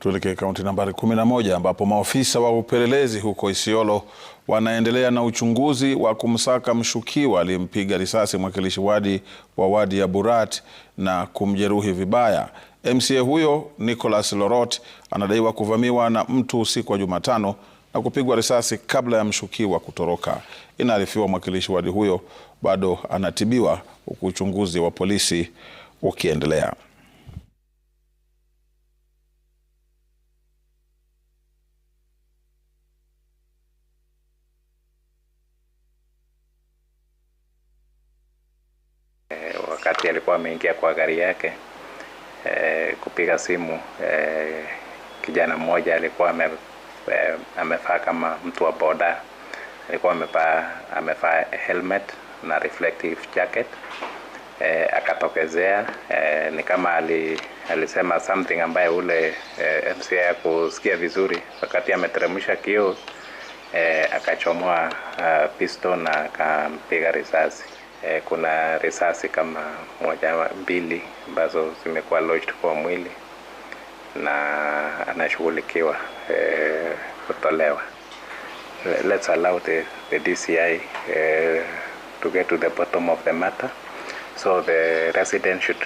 Tuelekee kaunti nambari 11 ambapo maofisa wa upelelezi huko Isiolo wanaendelea na uchunguzi wa kumsaka mshukiwa aliyempiga risasi mwakilishi wadi wa wadi ya Burat na kumjeruhi vibaya. MCA huyo Nicholas Lorot anadaiwa kuvamiwa na mtu usiku wa Jumatano na kupigwa risasi kabla ya mshukiwa kutoroka. Inaarifiwa mwakilishi wadi huyo bado anatibiwa huku uchunguzi wa polisi ukiendelea. wakati alikuwa ameingia kwa gari yake e, kupiga simu e, kijana mmoja alikuwa ame, e, eh, amefaa kama mtu wa boda, alikuwa amefaa, amefaa helmet na reflective jacket e, akatokezea e, ni kama ali, alisema something ambaye ule e, MCA kusikia vizuri wakati ameteremsha kio e, akachomoa uh, na akampiga risasi e, kuna risasi kama moja mbili ambazo zimekuwa lodged kwa mwili na anashughulikiwa e, kutolewa. Let's allow the, the DCI uh, eh, to get to the bottom of the matter so the resident should